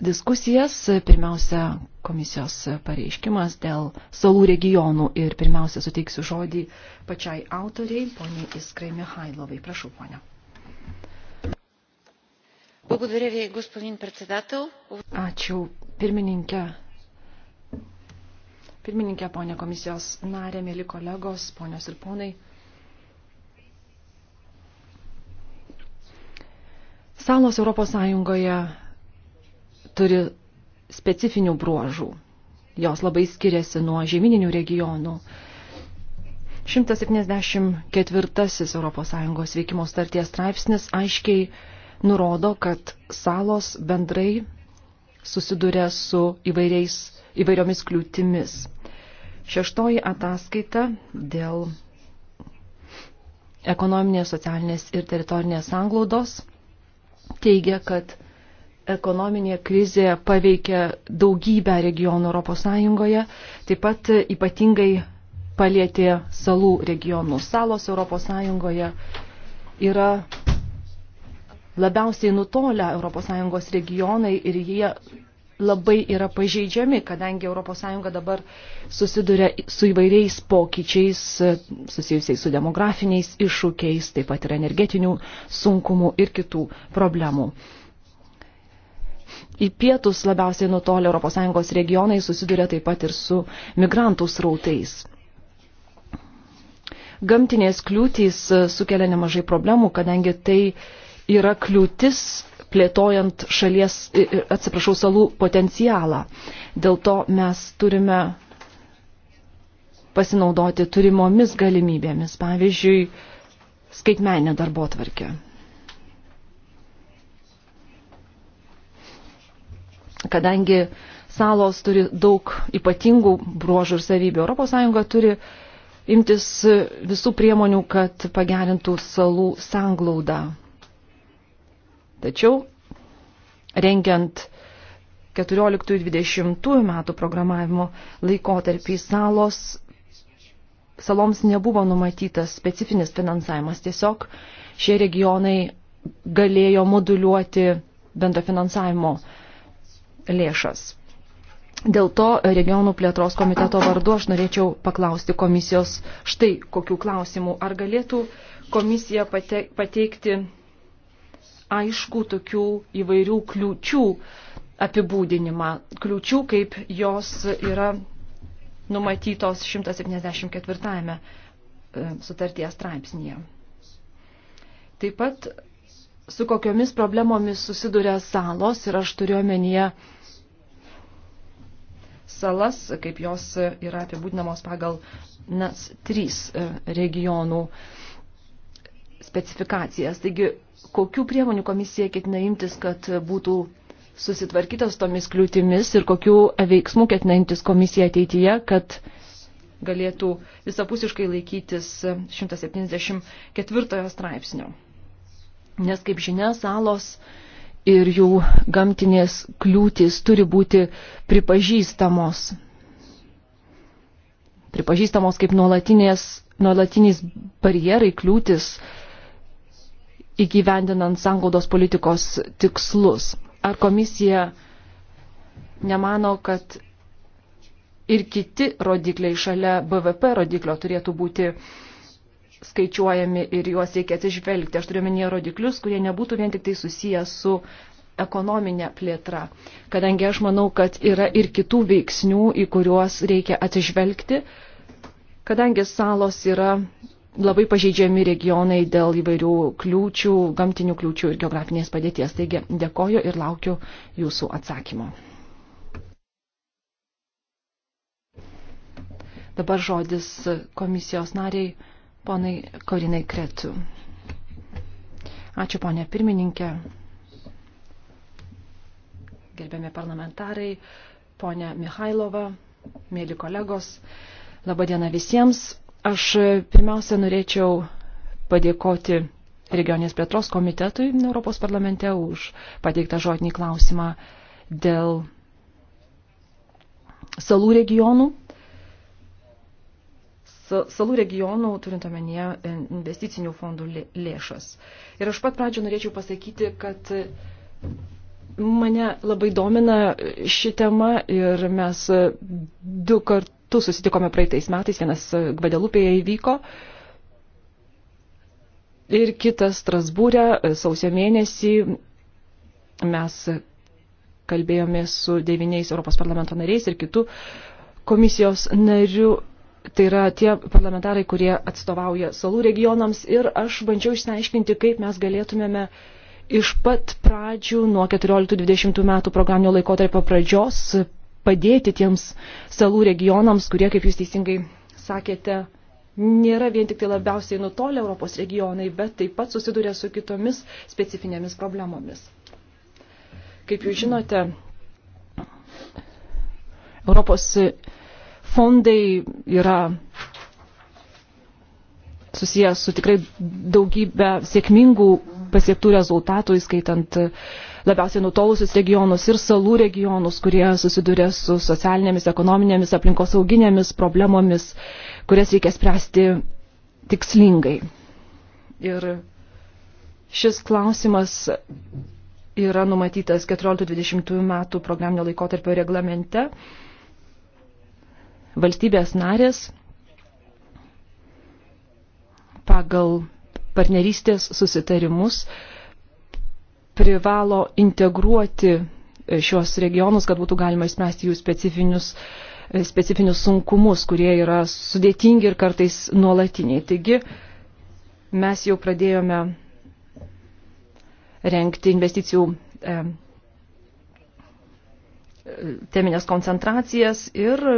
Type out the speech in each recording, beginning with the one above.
diskusijas. Pirmiausia, komisijos pareiškimas dėl salų regionų ir pirmiausia suteiksiu žodį pačiai autoriai, poniai Iskrai Mihailovai. Prašau, ponia. Ačiū, pirmininkė. Pirmininkė, ponė komisijos narė, mėly kolegos, ponios ir ponai. Salos Europos Sąjungoje turi specifinių bruožų. Jos labai skiriasi nuo žemyninių regionų. 174 ES veikimo starties straipsnis aiškiai nurodo, kad salos bendrai susiduria su įvairiomis kliūtimis. Šeštoji ataskaita dėl ekonominės, socialinės ir teritorinės sanglaudos teigia, kad ekonominė krizė paveikia daugybę regionų ES, taip pat ypatingai palėtė salų regionų. Salos ES yra labiausiai nutolę ES regionai ir jie labai yra pažeidžiami, kadangi ES dabar susiduria su įvairiais pokyčiais, susijusiais su demografiniais iššūkiais, taip pat ir energetinių sunkumų ir kitų problemų į pietus labiausiai nutolę ES regionai susiduria taip pat ir su migrantų srautais. Gamtinės kliūtys e, sukelia nemažai problemų, kadangi tai yra kliūtis plėtojant šalies, e, e, atsiprašau, salų potencialą. Dėl to mes turime pasinaudoti turimomis galimybėmis, pavyzdžiui, skaitmenę darbo tvarkę. kadangi salos turi daug ypatingų bruožų ir savybių. ES turi imtis visų priemonių, kad pagerintų salų sanglaudą. Tačiau rengiant 14-20 metų programavimo laikotarpį salos, saloms nebuvo numatytas specifinis finansavimas. Tiesiog šie regionai galėjo moduliuoti bendro finansavimo uh, lėšas. Dėl to regionų plėtros komiteto vardu aš norėčiau paklausti komisijos štai kokių klausimų. Ar galėtų komisija pateikti aišku tokių įvairių kliūčių apibūdinimą? Kliūčių, kaip jos yra numatytos 174 e, sutarties straipsnėje. Taip pat su kokiomis problemomis susiduria salos ir aš turiu omenyje salas, kaip jos yra apibūdinamos pagal NAS 3 e, regionų specifikacijas. Taigi, kokių priemonių komisija ketina imtis, kad būtų susitvarkytas tomis kliūtimis ir kokių veiksmų ketina imtis komisija ateityje, kad galėtų visapusiškai laikytis 174 straipsnio. Nes, kaip žinia, salos uh, ir jų gamtinės kliūtis turi būti pripažįstamos. Pripažįstamos kaip nuolatinis barjerai kliūtis įgyvendinant sanglaudos politikos tikslus. Ar komisija nemano, kad ir kiti rodikliai šalia BVP rodiklio turėtų būti uh, skaičiuojami ir juos reikia atsižvelgti. Aš turiu minėję rodiklius, kurie nebūtų vien tik tai susiję su ekonominė plėtra. Kadangi aš manau, kad yra ir kitų veiksnių, į kuriuos reikia atsižvelgti, kadangi salos yra labai pažeidžiami regionai dėl įvairių kliūčių, gamtinių kliūčių ir geografinės padėties. Taigi dėkoju ir laukiu jūsų atsakymo. Dabar žodis komisijos nariai ponai Korinai Kretų. Ačiū, ponė pirmininkė. Gerbiami parlamentarai, ponė Mihailova, mėly kolegos. Labadiena visiems. Aš pirmiausia norėčiau padėkoti regionės plėtros komitetui Europos parlamente už pateiktą žodinį klausimą dėl salų regionų salų regionų, turint omenyje e, investicinių fondų lėšas. Ir aš pat pradžio norėčiau pasakyti, kad mane labai domina ši tema ir mes du kartus susitikome praeitais metais, vienas Gvadelupėje įvyko ir kitas Strasbūrė e, sausio mėnesį mes kalbėjome su devyniais Europos parlamento nariais ir kitų komisijos narių Tai yra tie parlamentarai, kurie atstovauja salų regionams ir aš bandžiau išsiaiškinti, kaip mes galėtumėme iš pat pradžių nuo 14-20 metų programinio laikotarpio pradžios padėti tiems salų regionams, kurie, kaip jūs teisingai sakėte, nėra vien tik tai labiausiai nutolę Europos regionai, bet taip pat susiduria su kitomis specifinėmis problemomis. Kaip jūs žinote, Europos regionai fondai yra susijęs su tikrai daugybę sėkmingų pasiektų rezultatų, įskaitant labiausiai nutolusius regionus ir salų regionus, kurie susiduria su socialinėmis, ekonominėmis, aplinkosauginėmis problemomis, kurias reikia spręsti tikslingai. Ir šis klausimas yra numatytas 14-20 metų programinio laikotarpio reglamente valstybės narės pagal partnerystės susitarimus privalo integruoti šios regionus, kad būtų galima išspręsti jų specifinius, specifinius sunkumus, kurie yra sudėtingi ir kartais nuolatiniai. Taigi mes jau pradėjome renkti investicijų e, teminės koncentracijas ir e,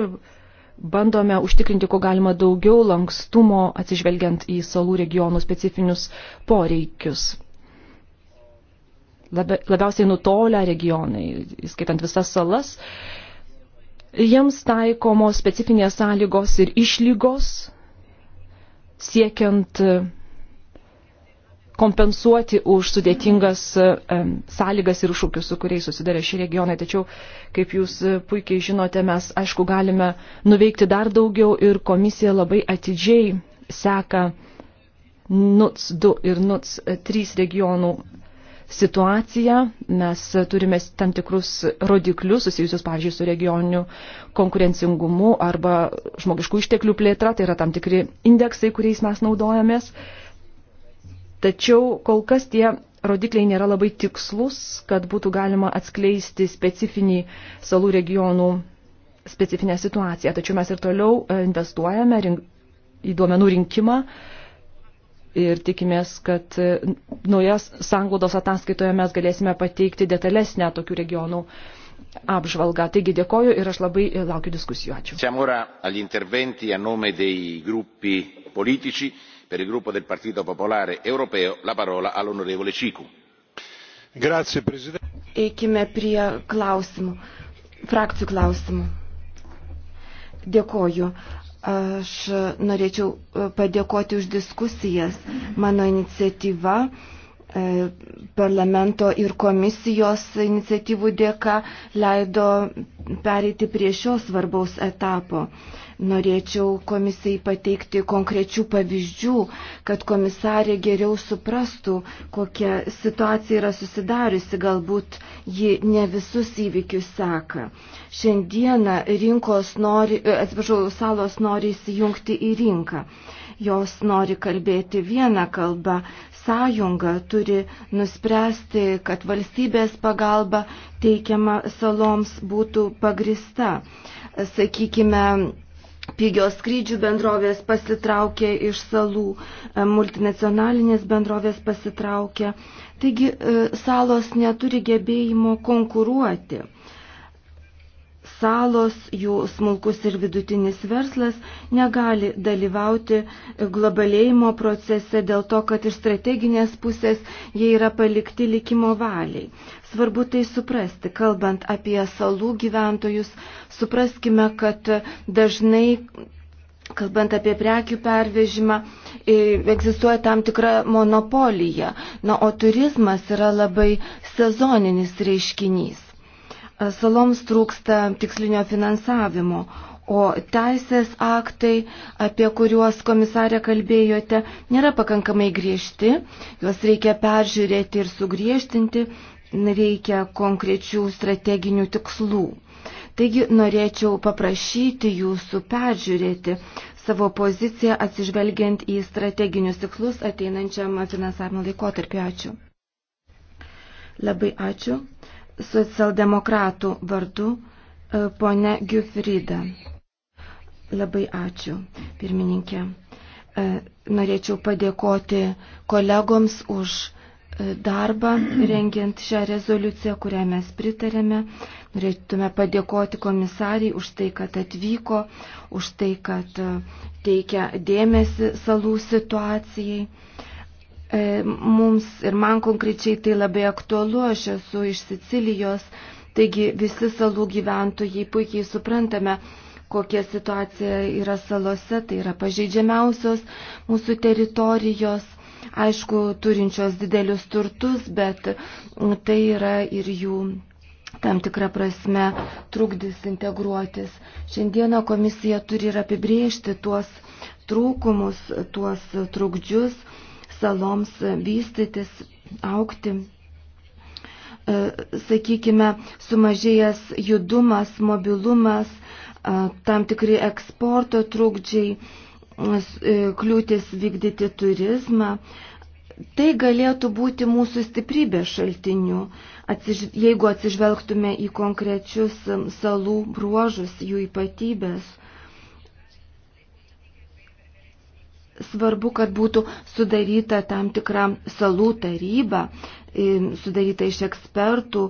bandome užtikrinti, kuo galima daugiau lankstumo atsižvelgiant į salų regionų specifinius poreikius. Labiausiai nutolę regionai, įskaitant visas salas, jiems taikomos specifinės sąlygos ir išlygos siekiant kompensuoti už sudėtingas e, e, sąlygas ir iššūkius, su kuriais susidarė šie regionai. Tačiau, kaip jūs e, puikiai žinote, mes, aišku, galime nuveikti dar daugiau ir komisija labai atidžiai seka NUTS 2 ir NUTS 3 regionų situaciją. Mes turime tam tikrus rodiklius susijusius, pavyzdžiui, su regioniniu konkurencingumu arba žmogiškų išteklių plėtra. Tai yra tam tikri indeksai, kuriais mes naudojamės. Tačiau kol kas tie rodikliai nėra labai tikslus, kad būtų galima atskleisti specifinį salų regionų specifinę situaciją. Tačiau mes ir toliau e, investuojame rink, į duomenų rinkimą ir tikimės, kad e, naujas sanglodos ataskaitoje mes galėsime pateikti detalesnę tokių regionų apžvalgą. Taigi dėkoju ir aš labai e, laukiu diskusijų. Ačiū per il gruppo del partito popolare europeo la parola all'onorevole cicu. eikime prie klausimų frakcijų klausimų. Dėkoju. Aš norėčiau e, padėkoti už diskusijas. Mano iniciatyva e, parlamento ir komisijos iniciatyvų dėka leido pereiti prie šio svarbaus etapo. Norėčiau komisijai pateikti konkrečių pavyzdžių, kad komisarė geriau suprastų, kokia situacija yra susidariusi, galbūt ji ne visus įvykius seka. Šiandieną rinkos nori, e, atsiprašau, salos nori įsijungti į rinką. Jos nori kalbėti vieną kalbą, sąjunga turi nuspręsti, kad valstybės pagalba teikiama saloms būtų pagrista. Sakykime, Pigios skrydžių bendrovės pasitraukė iš salų, e, multinacionalinės bendrovės pasitraukė. Taigi e, salos neturi gebėjimo konkuruoti salos, jų smulkus ir vidutinis verslas negali dalyvauti globalėjimo procese dėl to, kad iš strateginės pusės jie yra palikti likimo valiai. Svarbu tai suprasti, kalbant apie salų gyventojus, supraskime, kad dažnai kalbant apie prekių pervežimą, egzistuoja tam tikra monopolija. Na, o turizmas yra labai sezoninis reiškinys. Saloms trūksta tikslinio finansavimo, o teisės aktai, apie kuriuos komisarė kalbėjote, nėra pakankamai griežti, juos reikia peržiūrėti ir sugriežtinti, reikia konkrečių strateginių tikslų. Taigi norėčiau paprašyti jūsų peržiūrėti savo poziciją atsižvelgiant į strateginius tikslus ateinančiam finansavimo laikotarpiu. Ačiū. Labai ačiū socialdemokratų vardu e, ponia Giufrida. Labai ačiū, pirmininkė. E, norėčiau padėkoti kolegoms už e, darbą rengiant šią rezoliuciją, kurią mes pritarėme. Norėtume padėkoti komisariai už tai, kad atvyko, už tai, kad teikia dėmesį salų situacijai. E, mums ir man konkrečiai tai labai aktualu, aš esu iš Sicilijos, taigi visi salų gyventojai puikiai suprantame, kokia situacija yra salose, tai yra pažeidžiamiausios mūsų teritorijos, aišku, turinčios didelius turtus, bet tai yra ir jų tam tikrą prasme trukdys integruotis. Šiandieną komisija turi ir apibriežti tuos trūkumus, tuos trukdžius saloms vystytis, aukti. E, sakykime, sumažėjęs judumas, mobilumas, e, tam tikri eksporto trukdžiai, e, kliūtis vykdyti turizmą. Tai galėtų būti mūsų stiprybės šaltinių, atsiž... jeigu atsižvelgtume į konkrečius salų bruožus, jų ypatybės. svarbu, kad būtų sudaryta tam tikra salų taryba, sudaryta iš ekspertų,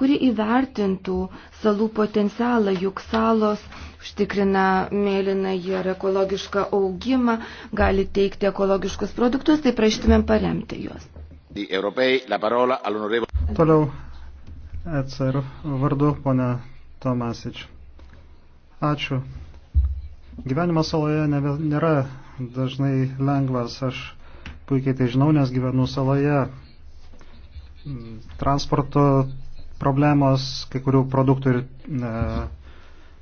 kuri įvertintų salų potencialą, juk salos užtikrina mėlyną ir ekologišką augimą, gali teikti ekologiškus produktus, tai prašytumėm paremti juos. Toliau ECR vardu, ponia Tomasič. Ačiū. Gyvenimas saloje nėra dažnai lengvas. Aš puikiai tai žinau, nes gyvenu saloje. Transporto problemos, kai kurių produktų ir e,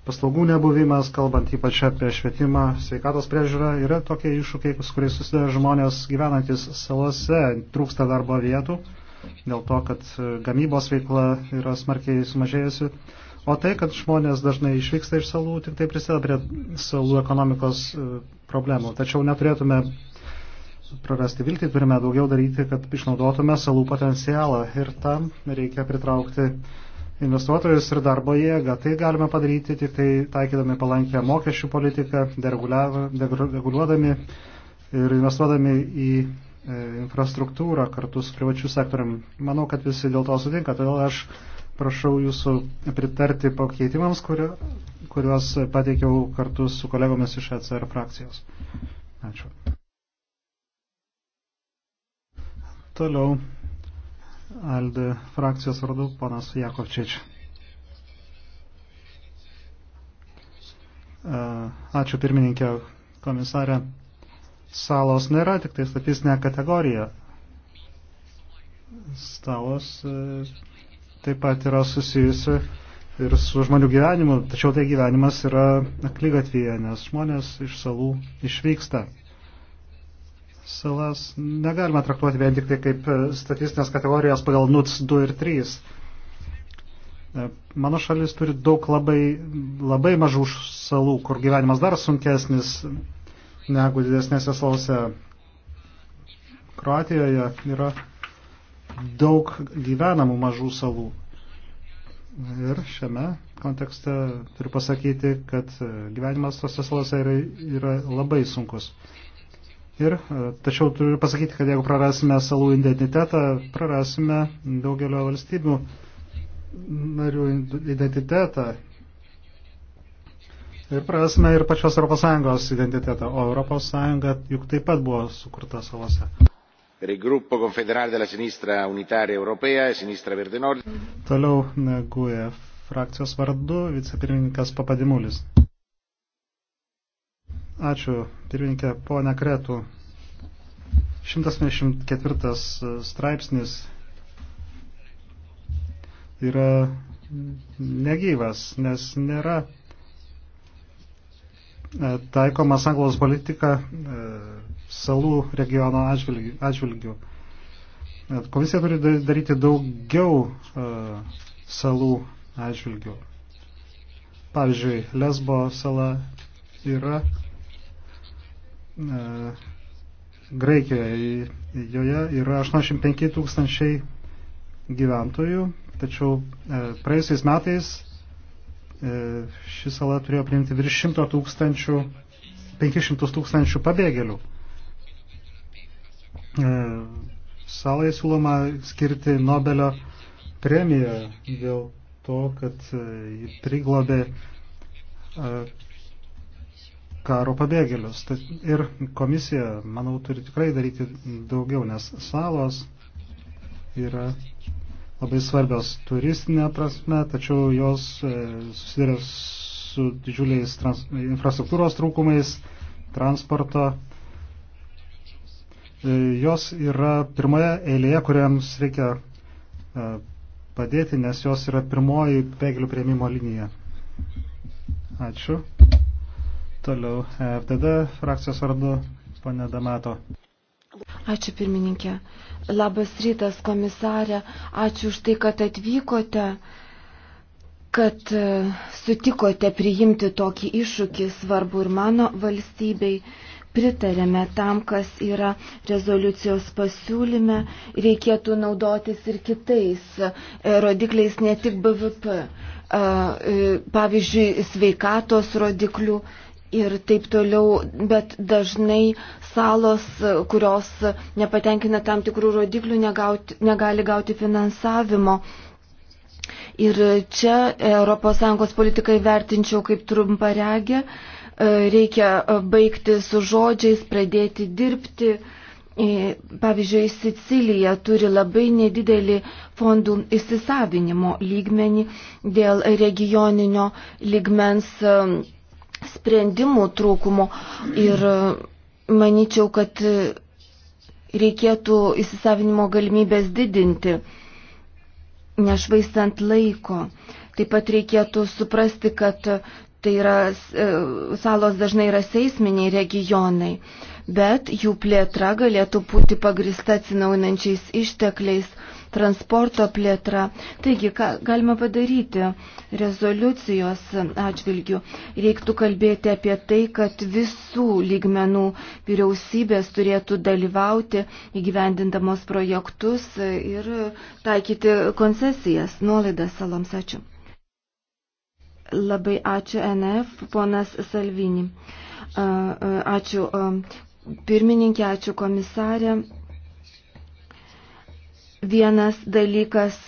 paslaugų nebuvimas, kalbant ypač apie švietimą, sveikatos priežiūrą, yra tokie iššūkiai, su kuriais susiduria žmonės gyvenantis salose, trūksta darbo vietų, dėl to, kad e, gamybos veikla yra smarkiai sumažėjusi. E, O tai, kad žmonės dažnai išvyksta iš salų, tik tai prisideda prie salų ekonomikos e, problemų. Tačiau neturėtume prarasti viltį, turime daugiau daryti, kad išnaudotume salų potencialą ir tam reikia pritraukti investuotojus ir darbo jėgą. Tai galime padaryti tik tai taikydami palankę mokesčių politiką, dereguliuodami ir investuodami į e, infrastruktūrą kartu su privačiu sektoriumi. Manau, kad visi dėl to sutinka, todėl aš prašau jūsų pritarti pakeitimams, kurio, kuriuos pateikiau kartu su kolegomis iš ECR frakcijos. Ačiū. Toliau Alde frakcijos vardu panas Jakovčič. E, ačiū pirmininkė komisarė. Salos nėra tik tai statistinė kategorija. Stalos e, taip pat yra susijusi ir su žmonių gyvenimu, tačiau tai gyvenimas yra aklygatvėje, nes žmonės iš salų išvyksta. Salas negalima traktuoti vien tik tai kaip statistinės kategorijos pagal NUTS 2 ir 3. E, mano šalis turi daug labai, labai mažų salų, kur gyvenimas dar sunkesnis negu didesnėse salose. Kroatijoje yra daug gyvenamų mažų salų. Ir šiame kontekste turiu pasakyti, kad e, gyvenimas tose salose yra, yra labai sunkus. Ir e, tačiau turiu pasakyti, kad jeigu prarasime salų identitetą, prarasime daugelio valstybių narių identitetą. Ir prarasime ir pačios ES identitetą, o ES juk taip pat buvo sukurta salose per il gruppo confederale della sinistra unitaria europea e sinistra verde nord. Toliau GUE frakcijos vardu vicepirmininkas Papadimulis. Ačiū, pirmininkė, ponia Kretų. 124 straipsnis yra negyvas, nes nėra e, taikoma sanglaus politika e, salų regiono atžvilgių. Komisija turi daryti daugiau e, salų atžvilgių. Pavyzdžiui, Lesbo sala yra e, Graikijoje. Joje yra 85 tūkstančiai gyventojų, tačiau e, praėjusiais metais ši sala turėjo priimti virš 100 tūkstančių, 500 tūkstančių pabėgėlių. E, salai siūloma skirti Nobelio premiją dėl to, kad e, jį priglobė e, karo pabėgėlius. Ir komisija, manau, turi tikrai daryti daugiau, nes salos yra labai svarbios turistinė prasme, tačiau jos susiduria su didžiuliais trans, infrastruktūros trūkumais, transporto E, jos yra pirmoje eilėje, kuriams reikia e, padėti, nes jos yra pirmoji pėglių prieimimo linija. Ačiū. Toliau FDD frakcijos vardu pane Damato. Ačiū pirmininkė. Labas rytas, komisarė. Ačiū už tai, kad atvykote, kad e, sutikote priimti tokį iššūkį svarbu ir mano valstybei pritarėme tam, kas yra rezoliucijos pasiūlyme, reikėtų naudotis ir kitais e, rodikliais, ne tik BVP, e, e, pavyzdžiui, sveikatos rodiklių ir taip toliau, bet dažnai salos, kurios nepatenkina tam tikrų rodiklių, negauti, negali gauti finansavimo. Ir čia ES politikai vertinčiau kaip trumparegę reikia e, baigti su žodžiais, pradėti dirbti. E, pavyzdžiui, Sicilija turi labai nedidelį fondų įsisavinimo lygmenį dėl regioninio lygmens e, sprendimų trūkumo ir manyčiau, kad reikėtų įsisavinimo galimybės didinti, nešvaistant laiko. Taip pat reikėtų suprasti, kad Tai yra, e, salos dažnai yra seisminiai regionai, bet jų plėtra galėtų būti pagrista atsinaujinančiais ištekliais, transporto plėtra. Taigi, ką galima padaryti rezoliucijos atžvilgių? Reiktų kalbėti apie tai, kad visų lygmenų vyriausybės turėtų dalyvauti įgyvendindamos projektus ir taikyti koncesijas, nuolaidas saloms. Ačiū. Labai ačiū NF, ponas Salvini. Ačiū pirmininkė, ačiū komisarė. Vienas dalykas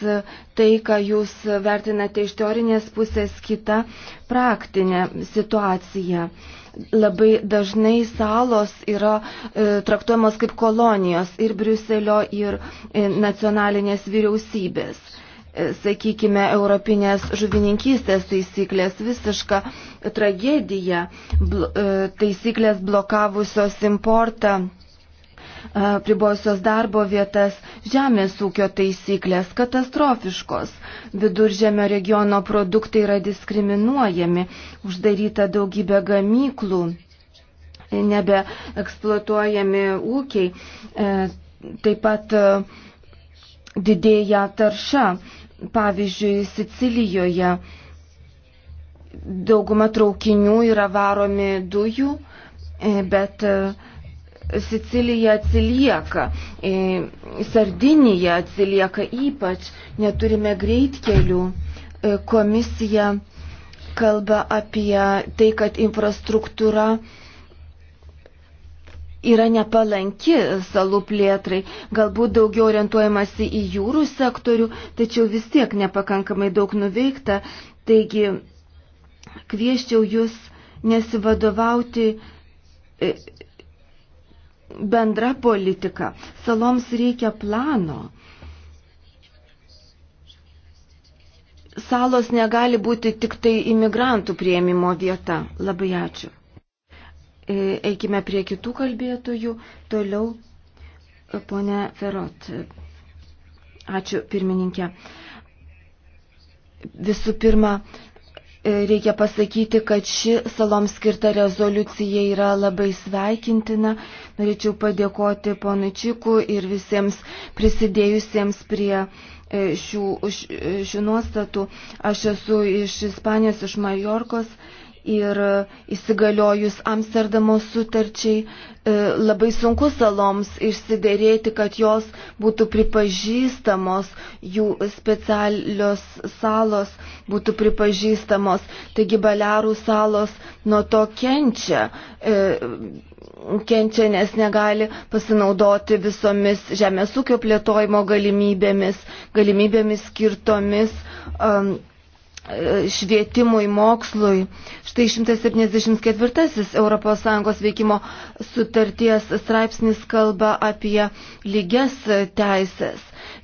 tai, ką jūs vertinate iš teorinės pusės, kita praktinė situacija. Labai dažnai salos yra e, traktuojamos kaip kolonijos ir Briuselio, ir e, nacionalinės vyriausybės. E, sakykime, europinės žuvininkystės taisyklės visiška tragedija, e, taisyklės blokavusios importą e, pribojusios darbo vietas, žemės ūkio taisyklės katastrofiškos, viduržėmio regiono produktai yra diskriminuojami, uždaryta daugybė gamyklų, nebe eksploatuojami ūkiai, taip pat didėja tarša. Pavyzdžiui, Sicilijoje dauguma traukinių yra varomi dujų, e, bet e, Sicilija atsilieka, e, Sardinija atsilieka ypač, neturime greitkelių. Komisija kalba apie tai, kad infrastruktūra yra nepalanki salų plėtrai, galbūt daugiau orientuojamasi į jūrų sektorių, tačiau vis tiek nepakankamai daug nuveikta. Taigi kvieščiau jūs nesivadovauti e, bendra politika. Saloms reikia plano. Salos negali būti tik tai imigrantų prieimimo vieta. Labai ačiū. E, eikime prie kitų kalbėtojų. Toliau, e, ponė Ferot. Ačiū, pirmininkė. Visų pirma, e, reikia pasakyti, kad ši saloms skirta rezoliucija yra labai sveikintina. Norėčiau padėkoti ponui Čikų ir visiems prisidėjusiems prie šių, šių nuostatų. Aš esu iš Ispanijos, iš Majorkos ir įsigaliojus Amsterdamo sutarčiai e, labai sunku saloms išsiderėti, kad jos būtų pripažįstamos, jų specialios salos būtų pripažįstamos. Taigi Balearų salos nuo to kenčia, e, kenčia, nes negali pasinaudoti visomis žemės ūkio plėtojimo galimybėmis, galimybėmis skirtomis. Um, švietimui, mokslui. Štai 174 ES veikimo sutarties straipsnis kalba apie lygias teisės.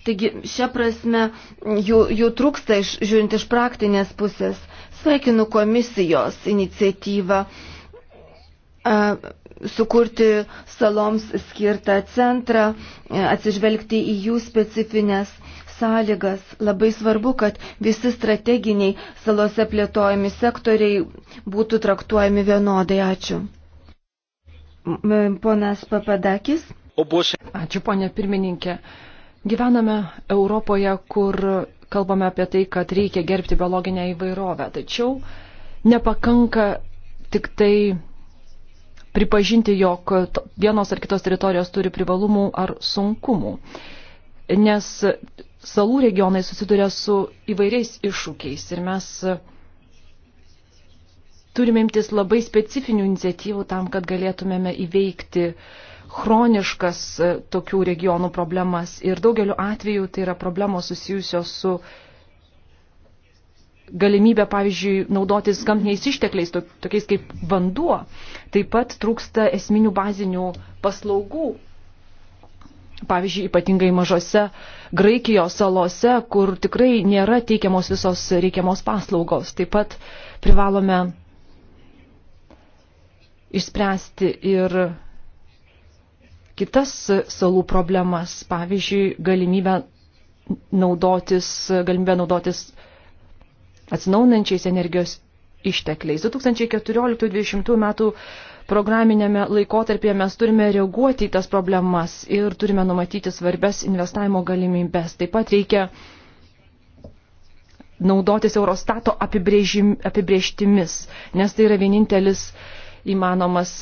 Taigi šią prasme jų, jų trūksta iš, žiūrint iš praktinės pusės. Sveikinu komisijos iniciatyvą sukurti saloms skirtą centrą, atsižvelgti į jų specifines sąlygas. Labai svarbu, kad visi strateginiai salose plėtojami sektoriai būtų traktuojami vienodai. Ačiū. Ponas Papadakis. Ačiū, ponė pirmininkė. Gyvename Europoje, kur kalbame apie tai, kad reikia gerbti biologinę įvairovę. Tačiau nepakanka tik tai pripažinti, jog vienos ar kitos teritorijos turi privalumų ar sunkumų nes salų regionai susiduria su įvairiais iššūkiais ir mes turime imtis labai specifinių iniciatyvų tam, kad galėtumėme įveikti chroniškas e, tokių regionų problemas ir daugeliu atveju tai yra problemos susijusios su galimybė, pavyzdžiui, naudotis gamtiniais ištekliais, tokiais kaip vanduo. Taip pat trūksta esminių bazinių paslaugų pavyzdžiui, ypatingai mažose Graikijos salose, kur tikrai nėra teikiamos visos reikiamos paslaugos. Taip pat privalome išspręsti ir kitas salų problemas, pavyzdžiui, galimybę naudotis, galimybę naudotis atsinaunančiais energijos ištekliais. 2014-2020 metų programinėme laikotarpėje mes turime reaguoti į tas problemas ir turime numatyti svarbias investavimo galimybes. Taip pat reikia naudotis Eurostato apibrėžtimis, nes tai yra vienintelis įmanomas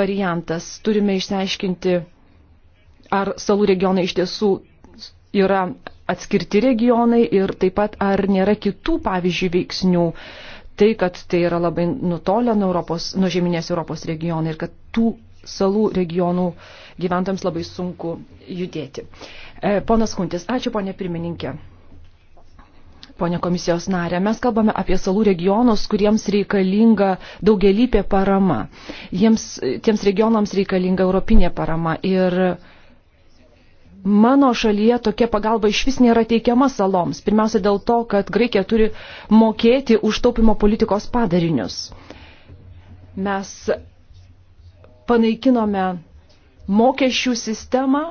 variantas. Turime išsiaiškinti, ar salų regionai iš tiesų yra atskirti regionai ir taip pat ar nėra kitų, pavyzdžiui, veiksnių, uh, tai, kad tai yra labai nutolę nuo, Europos, nuo žemynės Europos regionai ir kad tų salų regionų gyventams labai sunku judėti. E, ponas Kuntis, ačiū ponė pirmininkė. Pone komisijos narė, mes kalbame apie salų regionus, kuriems reikalinga daugelįpė parama. Jiems, tiems regionams reikalinga europinė parama ir Mano šalyje tokia pagalba iš vis nėra teikiama saloms. Pirmiausia dėl to, kad Graikija turi mokėti už taupimo politikos padarinius. Mes panaikinome mokesčių sistemą,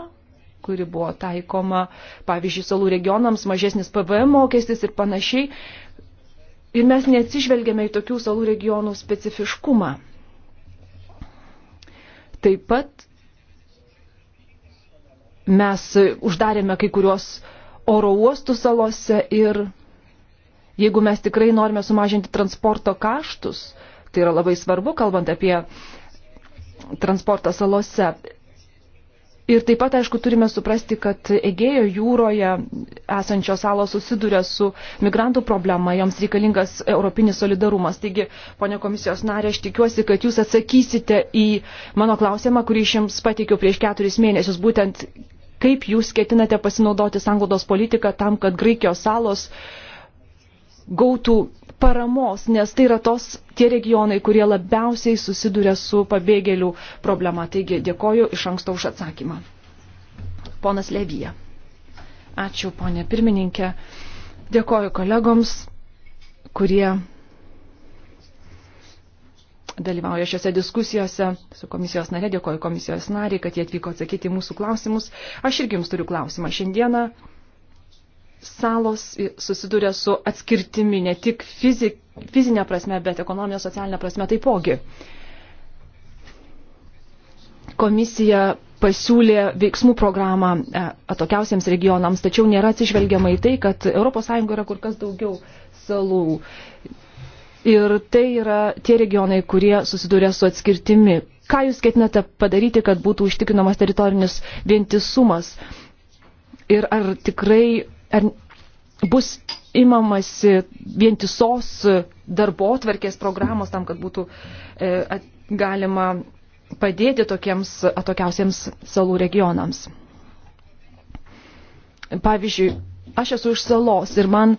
kuri buvo taikoma, pavyzdžiui, salų regionams, mažesnis PVM mokestis ir panašiai. Ir mes neatsižvelgėme į tokių salų regionų specifiškumą. Taip pat mes uždarėme kai kuriuos oro uostų salose ir jeigu mes tikrai norime sumažinti transporto kaštus, tai yra labai svarbu, kalbant apie transportą salose. Ir taip pat, aišku, turime suprasti, kad Egėjo jūroje esančios salos susiduria su migrantų problema, joms reikalingas europinis solidarumas. Taigi, ponė komisijos narė, aš tikiuosi, kad jūs atsakysite į mano klausimą, kurį aš jums pateikiau prieš keturis mėnesius, būtent kaip jūs ketinate pasinaudoti sanglaudos politiką tam, kad Graikijos salos gautų paramos, nes tai yra tos tie regionai, kurie labiausiai susiduria su pabėgėlių problema. Taigi dėkoju iš anksto už atsakymą. Ponas Levija. Ačiū, ponė pirmininkė. Dėkoju kolegoms, kurie dalyvauja šiuose diskusijose su komisijos narė. Dėkoju komisijos nariai, kad jie atvyko atsakyti mūsų klausimus. Aš irgi jums turiu klausimą. Šiandieną salos susiduria su atskirtimi ne tik fizi, fizinė prasme, bet ekonominė, socialinė prasme taipogi. Komisija pasiūlė veiksmų programą e, atokiausiems regionams, tačiau nėra atsižvelgiama į tai, kad ES yra kur kas daugiau salų. Ir tai yra tie regionai, kurie susiduria su atskirtimi. Ką jūs ketinate padaryti, kad būtų užtikrinamas teritorinis vientisumas? Ir ar tikrai ar bus imamasi vientisos darbo tvarkės programos tam, kad būtų e, galima padėti tokiems atokiausiems salų regionams. Pavyzdžiui, aš esu iš salos ir man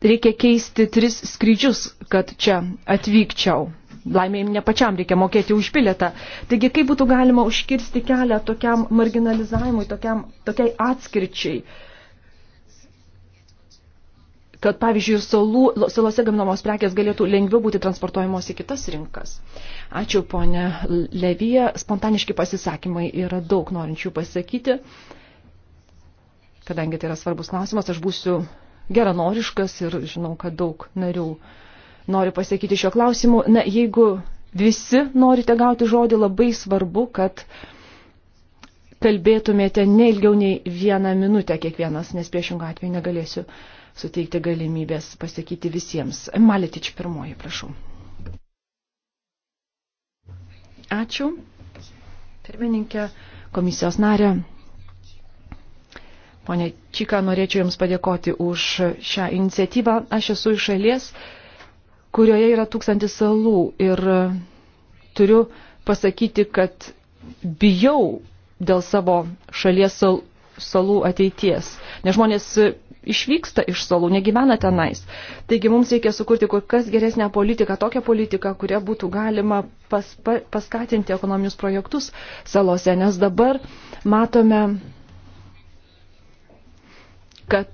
reikia keisti tris skrydžius, kad čia atvykčiau. Laimėjim ne pačiam reikia mokėti už bilietą. Taigi, kaip būtų galima užkirsti kelią tokiam marginalizavimui, tokiam, tokiai atskirčiai, kad, pavyzdžiui, salų, salose gaminamos prekės galėtų lengviau būti transportuojamos į kitas rinkas. Ačiū, ponė Levija. Spontaniški pasisakymai yra daug norinčių pasakyti. Kadangi tai yra svarbus klausimas, aš būsiu geranoriškas ir žinau, kad daug narių nori pasakyti šio klausimu. Na, jeigu visi norite gauti žodį, labai svarbu, kad kalbėtumėte ne ilgiau nei vieną minutę kiekvienas, nes priešingą atveju negalėsiu suteikti galimybės pasakyti visiems. Maletič pirmoji, prašau. Ačiū. Pirmininkė, komisijos narė, Pone Čika, norėčiau Jums padėkoti už šią iniciatyvą. Aš esu iš šalies, kurioje yra tūkstantis salų ir turiu pasakyti, kad bijau dėl savo šalies sal, salų ateities, nes žmonės išvyksta iš salų, negyvena tenais. Taigi mums reikia sukurti kur kas geresnę politiką, tokią politiką, kuria būtų galima pas, pa, paskatinti ekonominius projektus salose, nes dabar matome kad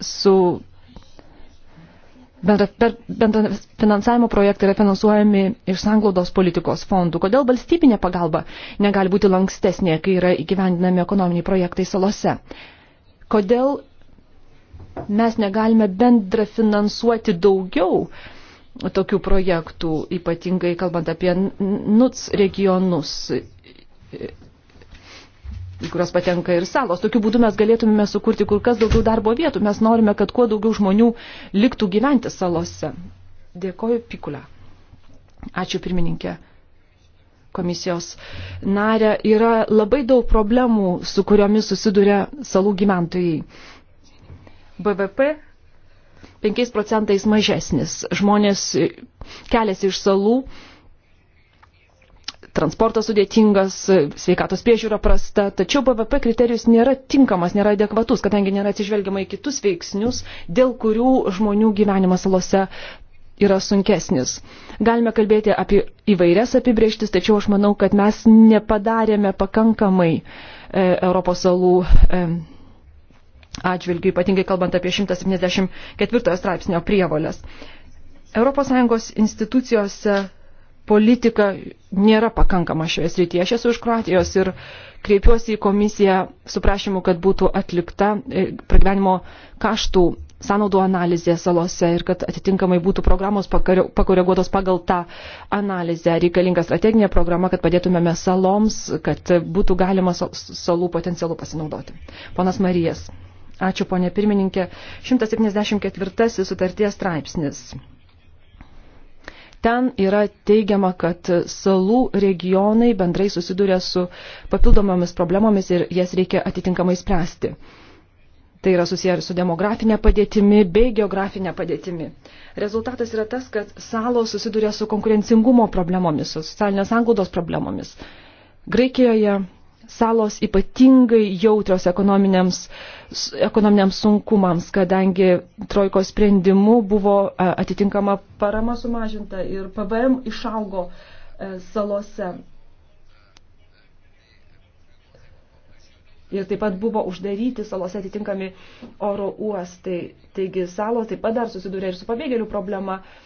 su bendra finansavimo projektai yra finansuojami iš sanglaudos politikos fondų. Kodėl valstybinė pagalba negali būti lankstesnė, kai yra įgyvendinami ekonominiai projektai salose? Kodėl mes negalime bendra finansuoti daugiau tokių projektų, ypatingai kalbant apie NUTS regionus, į kurios patenka ir salos. Tokiu būdu mes galėtumėme sukurti kur kas daugiau darbo vietų. Mes norime, kad kuo daugiau žmonių liktų gyventi salose. Dėkoju Pikula. Ačiū pirmininkė komisijos narė. Yra labai daug problemų, su kuriomis susiduria salų gyventojai. BVP 5 procentais mažesnis. Žmonės keliasi iš salų transportas sudėtingas, sveikatos priežiūra prasta, tačiau BVP kriterijus nėra tinkamas, nėra adekvatus, kadangi nėra atsižvelgiama į kitus veiksnius, dėl kurių žmonių gyvenimas salose yra sunkesnis. Galime kalbėti apie įvairias apibrieštis, tačiau aš manau, kad mes nepadarėme pakankamai e, Europos salų e, atžvilgių, ypatingai kalbant apie 174 straipsnio prievolės. ES institucijose politika nėra pakankama šioje srityje. Aš esu iš Kroatijos ir kreipiuosi į komisiją su prašymu, kad būtų atlikta e, pragyvenimo kaštų sąnaudų analizė salose ir kad atitinkamai būtų programos pakoreguotos pagal tą analizę. Reikalinga strateginė programa, kad padėtumėme saloms, kad būtų galima salų potencialų pasinaudoti. Ponas Marijas. Ačiū, ponė pirmininkė. 174 sutarties straipsnis Ten yra teigiama, kad salų regionai bendrai susiduria su papildomomis problemomis ir jas reikia atitinkamai spręsti. Tai yra susiję ir su demografinė padėtimi bei geografinė padėtimi. Rezultatas yra tas, kad salos susiduria su konkurencingumo problemomis, su socialinės anglodos problemomis. Graikijoje salos ypatingai jautrios ekonominiams, ekonominiams sunkumams, kadangi trojko sprendimu buvo e, atitinkama parama sumažinta ir PVM išaugo e, salose. Ir taip pat buvo uždaryti salose atitinkami oro uostai. Taigi salos taip pat dar susidūrė ir su pabėgėlių problema. Uh,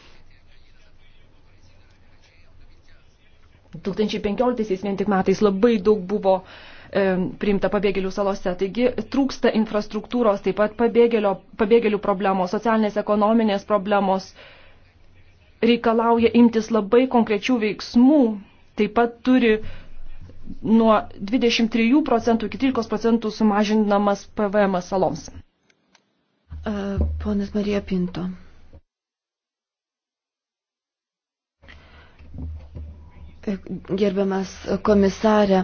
2015 vien tik metais labai daug buvo e, priimta pabėgėlių salose. Taigi trūksta infrastruktūros, taip pat pabėgėlių problemos, socialinės ekonominės problemos reikalauja imtis labai konkrečių veiksmų, taip pat turi nuo 23 procentų iki 13 procentų sumažinamas PVM saloms. E, ponas Marija Pinto. Gerbiamas komisarė,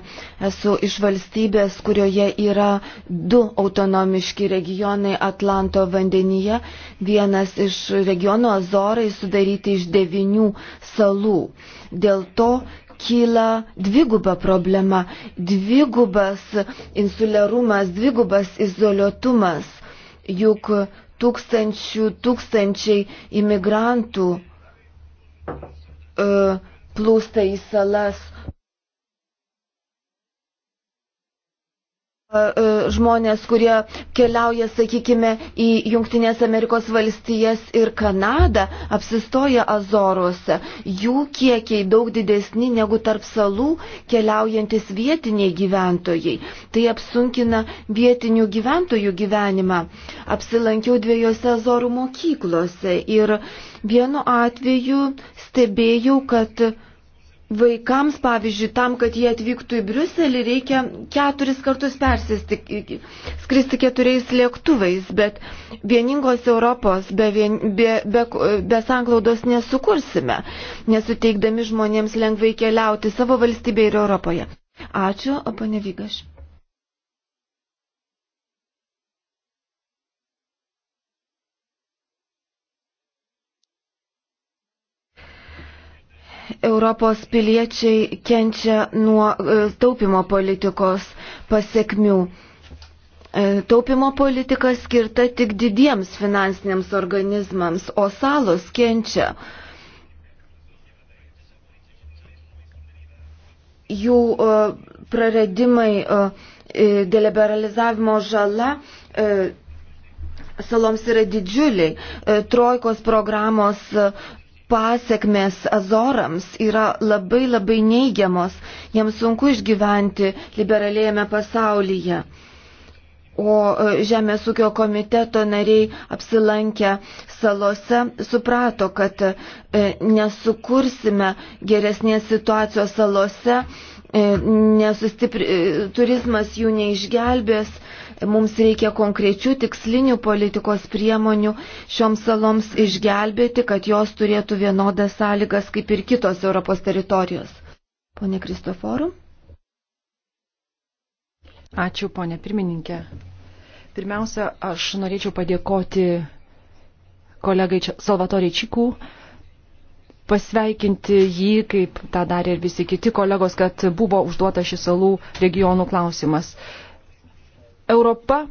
esu iš valstybės, kurioje yra du autonomiški regionai Atlanto vandenyje. Vienas iš regionų Azorai sudaryti iš devinių salų. Dėl to kyla dviguba problema - dvigubas insuliarumas, dvigubas izoliuotumas. Juk tūkstančių tūkstančiai imigrantų. Uh, e, plūsta į salas. Žmonės, kurie keliauja, sakykime, į Junktinės Amerikos valstijas ir Kanadą, apsistoja Azoruose. Jų kiekiai daug didesni negu tarp salų keliaujantis vietiniai gyventojai. Tai apsunkina vietinių gyventojų gyvenimą. Apsilankiau dviejose Azorų mokyklose ir uh, Vienu atveju stebėjau, kad vaikams, pavyzdžiui, tam, kad jie atvyktų į Briuselį, reikia keturis kartus persėsti, skristi keturiais lėktuvais, bet vieningos Europos be, vien, be, be, be sanklaudos nesukursime, nesuteikdami žmonėms lengvai keliauti savo valstybėje ir Europoje. Ačiū, pane Vygaš. Europos piliečiai kenčia nuo e, taupimo politikos pasiekmių. E, taupimo politika skirta tik didiems finansiniams organizmams, o salos kenčia. Jų e, praradimai, deliberalizavimo žala saloms yra didžiuliai. Trojkos programos pasiekmes Azorams yra labai labai neigiamos, jiems sunku išgyventi liberalėjame pasaulyje. O e, Žemės ūkio komiteto nariai apsilankę salose suprato, kad e, nesukursime geresnės situacijos salose, e, nesustipri, turizmas jų neišgelbės Mums reikia konkrečių tikslinių politikos priemonių šioms saloms išgelbėti, kad jos turėtų vienodas sąlygas kaip ir kitos Europos teritorijos. Pone Kristoforu. Ačiū, ponė pirmininkė. Pirmiausia, aš norėčiau padėkoti kolegai Salvatoriai Čikų, pasveikinti jį, kaip tą darė ir visi kiti kolegos, kad buvo užduota šis salų regionų klausimas. Europa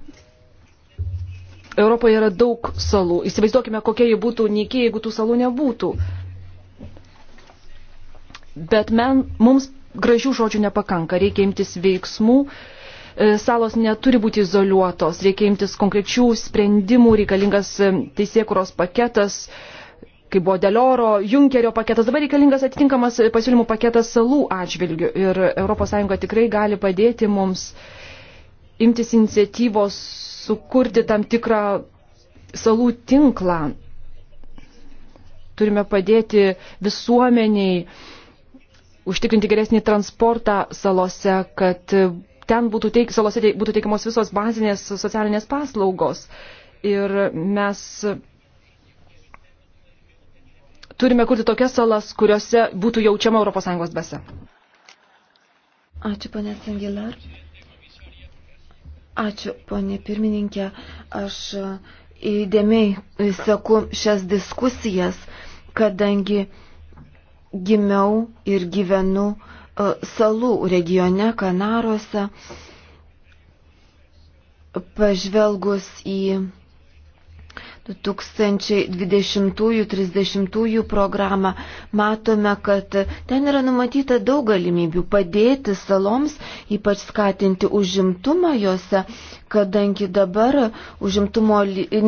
Europoje yra daug salų. Įsivaizduokime, kokia ji būtų nykiai, jeigu tų salų nebūtų. Bet men, mums gražių žodžių nepakanka. Reikia imtis veiksmų. E, salos neturi būti izoliuotos. Reikia imtis konkrečių sprendimų. Reikalingas e, teisėkuros paketas, kaip buvo Delioro, Junkerio paketas. Dabar reikalingas atitinkamas e, pasiūlymų paketas salų atžvilgių. Ir ES tikrai gali padėti mums uh, imtis iniciatyvos sukurti tam tikrą salų tinklą. Turime padėti visuomeniai užtikrinti geresnį transportą salose, kad ten būtų teik, salose teik, būtų teikiamos visos bazinės socialinės paslaugos. Ir mes turime kurti tokias salas, kuriuose būtų jaučiama ES dvasia. Ačiū, ponė Sangilar. Ačiū, ponė pirmininkė. Aš įdėmiai seku šias diskusijas, kadangi gimiau ir gyvenu e, salų regione Kanaruose. Pažvelgus į 2020-2030 programą, matome, kad ten yra numatyta daug galimybių padėti saloms, ypač skatinti užimtumą juose, kadangi dabar užimtumo ne, e,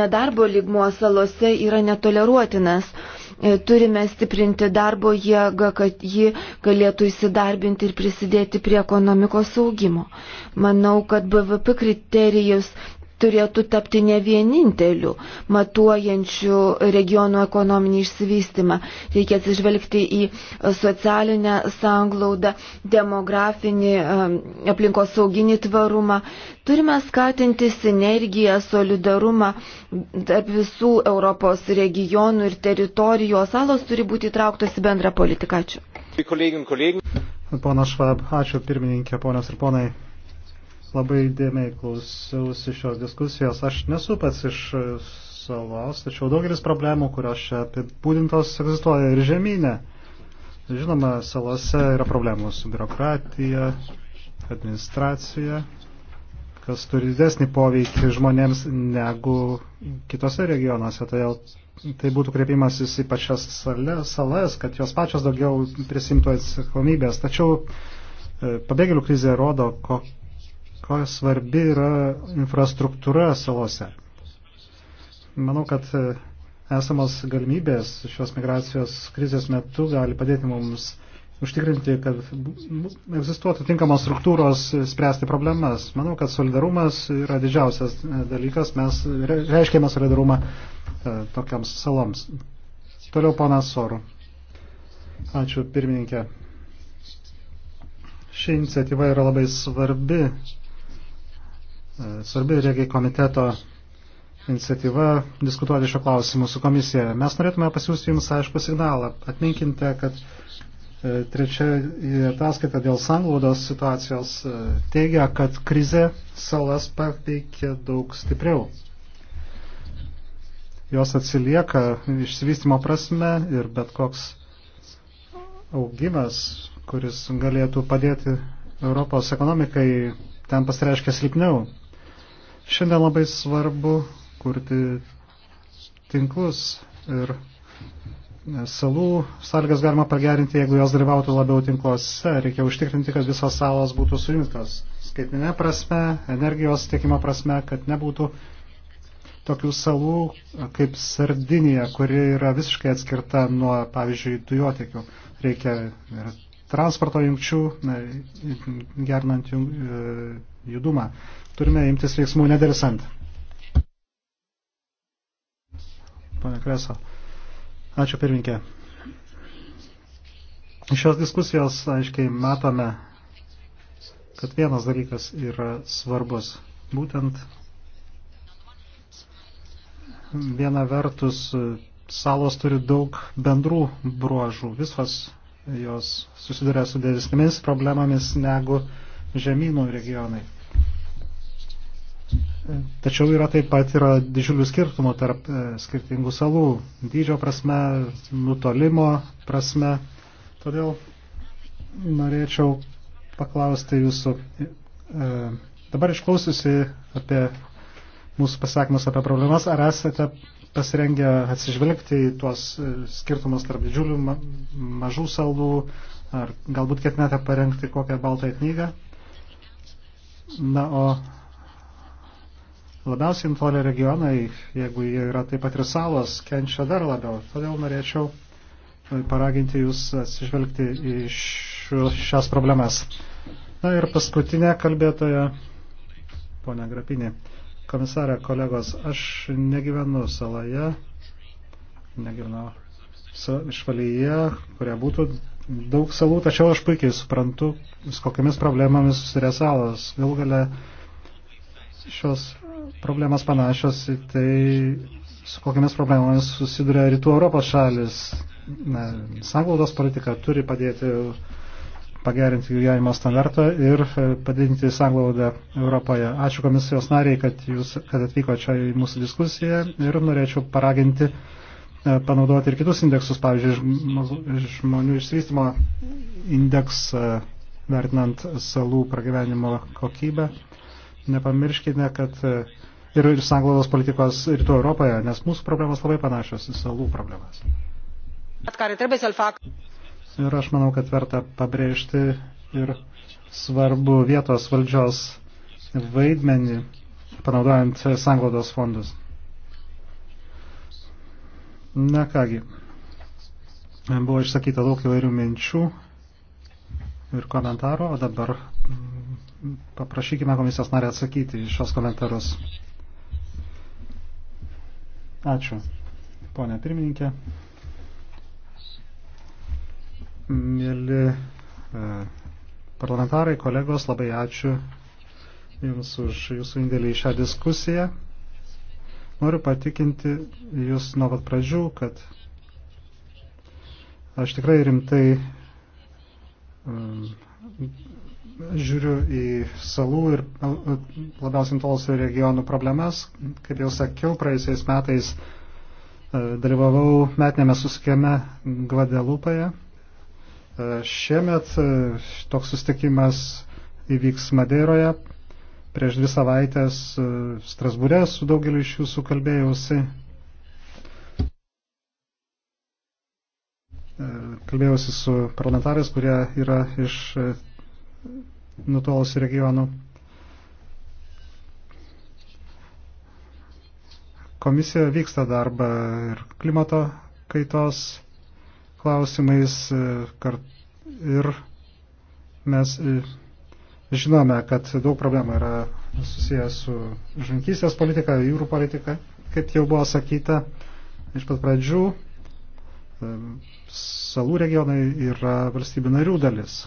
nedarbo lygmuo salose yra netoleruotinas. E, turime stiprinti darbo jėgą, kad ji galėtų įsidarbinti ir prisidėti prie ekonomikos augimo. Manau, kad BVP kriterijus turėtų tapti ne vieninteliu matuojančiu regionų ekonominį išsivystimą. Reikia atsižvelgti į socialinę sanglaudą, demografinį, aplinkos sauginį tvarumą. Turime skatinti sinergiją, solidarumą tarp visų Europos regionų ir teritorijų. Salos turi būti įtrauktos į bendrą politiką. Ačiū. Pana Švab, ačiū pirmininkė, ponios ir ponai labai dėmiai klausiausi šios diskusijos. Aš nesu pats iš salos, tačiau daugelis problemų, kurios čia apibūdintos, egzistuoja ir žemynė. Žinoma, salose yra problemų su biurokratija, administracija, kas turi didesnį poveikį žmonėms negu kitose regionuose. Todėl tai būtų kreipimasis į pačias salas, kad jos pačios daugiau prisimtų atsakomybės. Tačiau e, pabėgėlių krizė rodo, ko, kokia svarbi yra infrastruktūra salose. Manau, kad e, esamos galimybės šios migracijos krizės metu gali padėti mums užtikrinti, kad egzistuotų tinkamos struktūros spręsti problemas. Manau, kad solidarumas yra didžiausias e, dalykas. Mes reiškėme solidarumą e, tokiams saloms. Toliau ponas Soru. Ačiū pirmininkė. Ši iniciatyva yra labai svarbi E, svarbi regi komiteto iniciatyva diskutuoti šio klausimu su komisija. Mes norėtume pasiūsti Jums aišku signalą. Atminkinte, kad e, trečia ataskaita dėl sanglaudos situacijos e, teigia, kad krize salas paveikė daug stipriau. Jos atsilieka išsivystimo prasme ir bet koks augimas, kuris galėtų padėti Europos ekonomikai, ten pasireiškia silpniau. Šiandien labai svarbu kurti tinklus ir e, salų sąlygas galima pagerinti, jeigu jos dalyvautų labiau tinkluose. Reikia užtikrinti, kad visos salos būtų sujungtos skaitminė prasme, energijos tiekimo prasme, kad nebūtų tokių salų e, kaip Sardinija, kuri yra visiškai atskirta nuo, pavyzdžiui, dujotekių. Reikia ir transporto jungčių, gernant e, judumą. Turime imtis veiksmų nedersant. Pane Kreso. Ačiū pirminkė. Iš šios diskusijos aiškiai matome, kad vienas dalykas yra svarbus. Būtent viena vertus salos turi daug bendrų bruožų. Visos jos susiduria su didesnėmis problemomis negu žemynų regionai. Tačiau yra taip pat yra didžiulių skirtumų tarp e, skirtingų salų, dydžio prasme, nutolimo prasme. Todėl norėčiau paklausti jūsų, e, dabar išklausiusi apie mūsų pasakymus apie problemas, ar esate pasirengę atsižvelgti į tuos e, skirtumus tarp didžiulių mažų salų, ar galbūt ketinate parengti kokią baltąją knygą. Na, o Labiausiai nutolę regionai, jeigu jie yra taip pat ir salos, kenčia dar labiau. Todėl norėčiau e, paraginti jūs atsižvelgti į šias problemas. Na ir paskutinė kalbėtoja, ponia Grapinė. Komisarė, kolegos, aš negyvenu saloje, negyvenu švalyje, kurie būtų daug salų, tačiau aš puikiai suprantu, su kokiamis problemomis susirė salos. Vėl gale šios problemas panašios į tai, su kokiamis problemomis susiduria rytų Europos šalis. Sanglaudos politika turi padėti pagerinti gyvenimo standartą ir e, padidinti sanglaudą Europoje. Ačiū komisijos nariai, kad, jūs, kad atvyko čia į mūsų diskusiją ir norėčiau paraginti e, panaudoti ir kitus indeksus, pavyzdžiui, žmonių išsivystimo indeksą vertinant salų pragyvenimo kokybę. Nepamirškite, kad e, ir, ir sanglaudos politikos rytų Europoje, nes mūsų problemas labai panašios į salų problemas. Ir aš manau, kad verta pabrėžti ir svarbu vietos valdžios vaidmenį, panaudojant sanglaudos fondus. Na kągi, buvo išsakyta daug įvairių minčių ir komentarų, o dabar mm, paprašykime komisijos narę atsakyti į šios komentarus. Ačiū, ponė pirmininkė. Mėly e, parlamentarai, kolegos, labai ačiū Jums už Jūsų indėlį į šią diskusiją. Noriu patikinti Jūs nuo pat pradžių, kad aš tikrai rimtai e, žiūriu į salų ir e, e, labiausiai tolusių regionų problemas. Kaip jau sakiau, praėjusiais metais e, dalyvavau metinėme susikėme Gvadelupėje. Šiemet toks susitikimas įvyks Madeiroje. Prieš dvi savaitės Strasbūrė su daugeliu iš jūsų kalbėjausi. Kalbėjausi su parlamentarais, kurie yra iš nutolusių regionų. Komisija vyksta darbą ir klimato kaitos klausimais ir mes e, žinome, kad daug problemų yra susijęs su žankystės politika, jūrų politika, kaip jau buvo sakyta iš pat pradžių e, salų regionai yra valstybių narių dalis.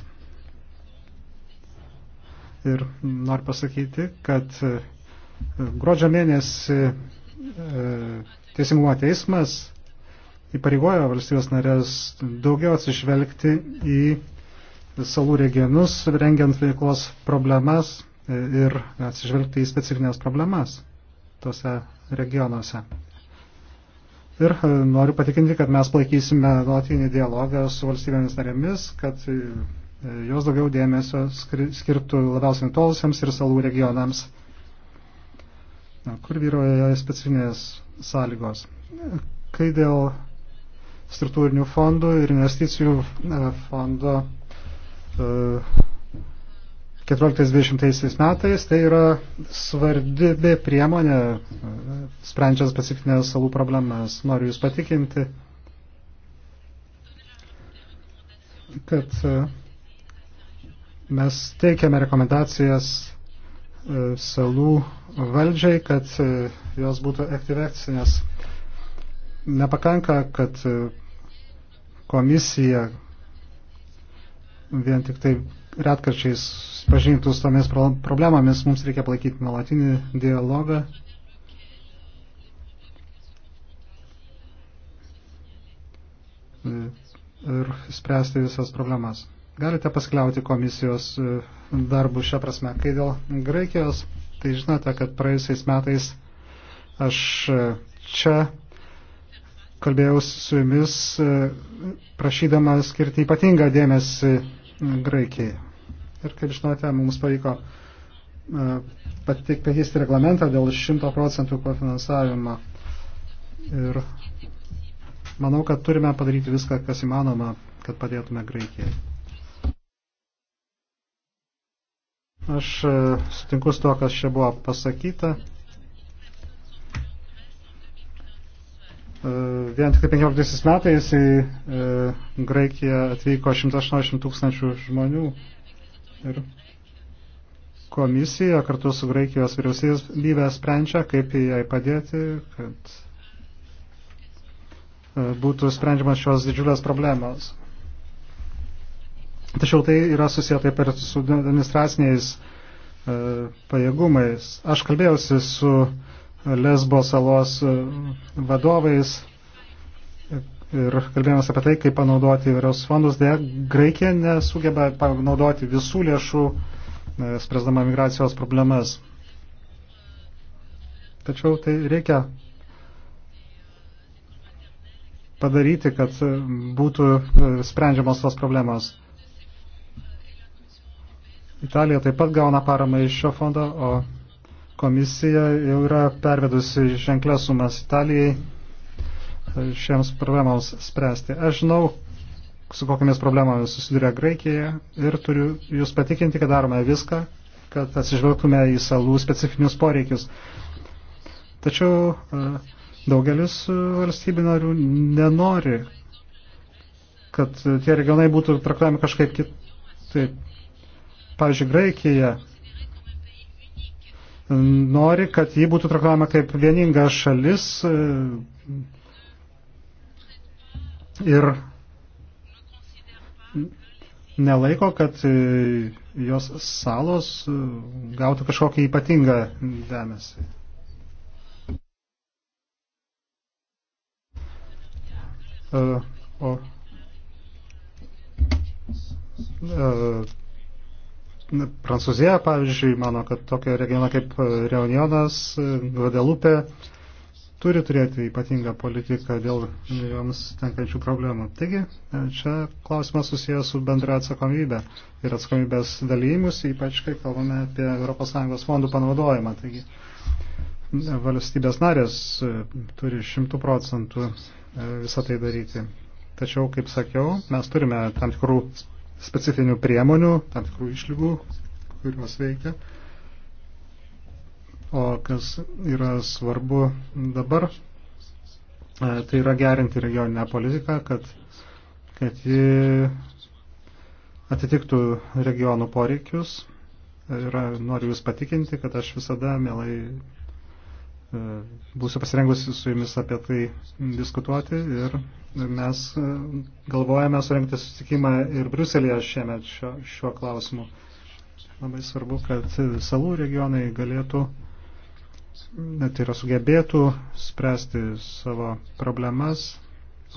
Ir noriu pasakyti, kad e, gruodžio mėnesį e, Teisingumo teismas įpareigojo valstybės narės daugiau atsižvelgti į salų regionus, rengiant veiklos problemas e, ir atsižvelgti į specifinės problemas tose regionuose. Ir noriu patikinti, kad mes palaikysime nuolatinį dialogą su valstybėmis narėmis, kad E, jos daugiau dėmesio skirtų labiausiai tolusiems ir salų regionams, kur vyroja specifinės sąlygos. Kai dėl struktūrinių fondų ir investicijų e, fondo 14-20 e, metais, tai yra svarbi priemonė, sprendžiant specifinės salų problemas. Noriu Jūs patikinti, kad Mes teikiame rekomendacijas e, salų valdžiai, kad e, jos būtų aktyvekcinės. Nepakanka, kad e, komisija vien tik tai retkarčiais pažintų su tomis problemomis, mums reikia palaikyti nuolatinį dialogą. ir spręsti visas problemas galite pasikliauti komisijos e, darbų šią prasme. Kai dėl Graikijos, tai žinote, kad praėjusiais metais aš e, čia kalbėjau su jumis e, prašydama skirti ypatingą dėmesį Graikijai. Ir kaip žinote, mums pavyko patik pakeisti reglamentą dėl 100 procentų kofinansavimo. Ir manau, kad turime padaryti viską, kas įmanoma, kad padėtume Graikijai. Aš e, sutinku su to, kas čia buvo pasakyta. E, vien tik 15 tai metais į e, Graikiją atvyko 180 tūkstančių žmonių ir komisija kartu su Graikijos vyriausybė sprendžia, kaip jai padėti, kad būtų sprendžiamas šios didžiulės problemos. Tačiau tai yra susiję taip ir su administraciniais e, pajėgumais. Aš kalbėjausi su Lesbo salos e, vadovais ir kalbėjomės apie tai, kaip panaudoti įvairios fondus. Deja, Graikija nesugeba panaudoti visų lėšų, e, spręsdama migracijos problemas. Tačiau tai reikia padaryti, kad e, būtų e, sprendžiamos tos problemos. Italija taip pat gauna paramą iš šio fondo, o komisija jau yra pervedusi ženklės sumas Italijai e, šiems problemams spręsti. Aš žinau, su kokiamis problemomis susiduria Graikija ir turiu jūs patikinti, kad darome viską, kad atsižvelgtume į salų specifinius poreikius. Tačiau e, daugelis valstybių narių nenori, kad tie regionai būtų traktuojami kažkaip kitaip. Pavyzdžiui, Graikija nori, kad ji būtų traktuojama kaip vieninga šalis e, ir nelaiko, kad e, jos salos e, gautų kažkokį ypatingą dėmesį. O, o, Prancūzija, pavyzdžiui, mano, kad tokia regiona kaip e, Reunionas, e, Guadalupe turi turėti ypatingą politiką dėl joms tenkančių problemų. Taigi, e, čia klausimas susijęs su bendra atsakomybė ir atsakomybės dalymus, ypač kai kalbame apie ES fondų panaudojimą. Taigi, valstybės narės turi šimtų procentų visą tai daryti. Tačiau, kaip sakiau, mes turime tam tikrų specifinių priemonių, tam tikrų išlygų, kurios veikia. O kas yra svarbu dabar, e, tai yra gerinti regioninę politiką, kad, kad ji atitiktų regionų poreikius. Ir noriu Jūs patikinti, kad aš visada mielai E, būsiu pasirengusi su jumis apie tai diskutuoti ir mes e, galvojame surengti susitikimą ir Bruselėje šiemet šio, šiuo klausimu. Labai svarbu, kad salų regionai galėtų, net yra sugebėtų spręsti savo problemas,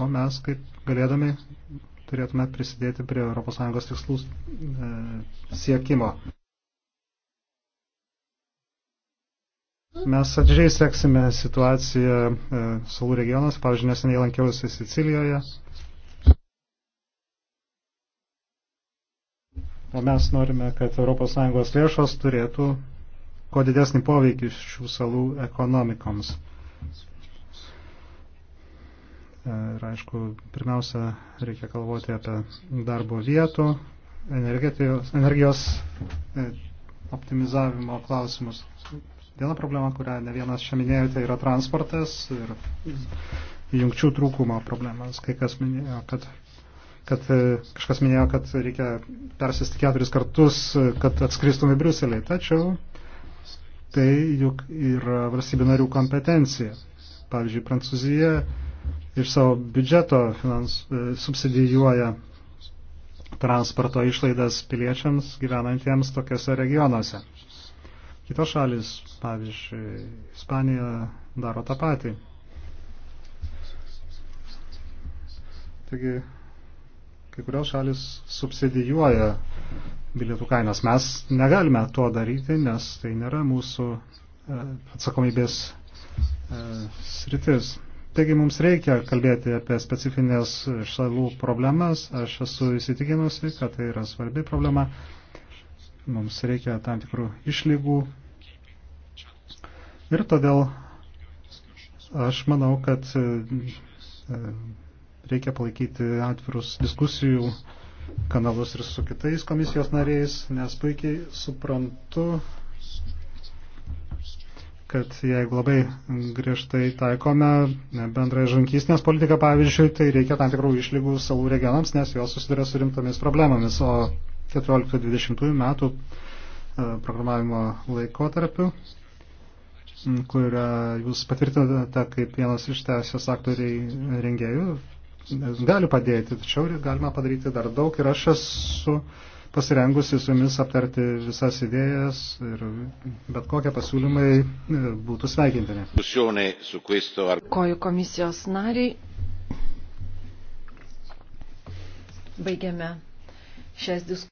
o mes kaip galėdami turėtume prisidėti prie ES tikslų e, siekimo. Mes atžiai seksime situaciją e, salų regionuose, pavyzdžiui, neseniai lankiausi Sicilijoje. O mes norime, kad ES lėšos turėtų kuo didesnį poveikį šių salų ekonomikoms. E, ir aišku, pirmiausia, reikia kalvoti apie darbo vietų, energijos e, optimizavimo klausimus. Viena problema, kurią ne vienas čia minėjote, tai yra transportas ir jungčių trūkumo problemas. Kai kas minėjo, kad, kad kažkas minėjo, kad reikia persisti keturis kartus, kad atskristum į Briuselį. Tačiau tai juk yra valstybių narių kompetencija. Pavyzdžiui, Prancūzija iš savo biudžeto finans, e, subsidijuoja transporto išlaidas piliečiams gyvenantiems tokiuose regionuose. Kitos šalis, pavyzdžiui, Ispanija daro tą patį. Taigi, kai kurios šalis subsidijuoja bilietų kainas. Mes negalime to daryti, nes tai nėra mūsų e, atsakomybės e, sritis. Taigi mums reikia kalbėti apie specifinės šalių problemas. Aš esu įsitikinusi, kad tai yra svarbi problema mums reikia tam tikrų išlygų. Ir todėl aš manau, kad e, reikia palaikyti atvirus diskusijų kanalus ir su kitais komisijos nariais, nes puikiai suprantu, kad jeigu labai griežtai taikome bendrąją žankysnės politiką, pavyzdžiui, tai reikia tam tikrų išlygų salų regionams, nes jos susiduria su rimtomis problemomis, o 14-20 metų e, programavimo laikotarpiu, kurią jūs patvirtinate kaip vienas iš teisės aktoriai rengėjų, gali padėti, tačiau galima padaryti dar daug ir aš esu pasirengusi su jumis aptarti visas idėjas ir bet kokie pasiūlymai e, būtų sveikintini. Koju komisijos nariai. Baigiame šias diskusijas.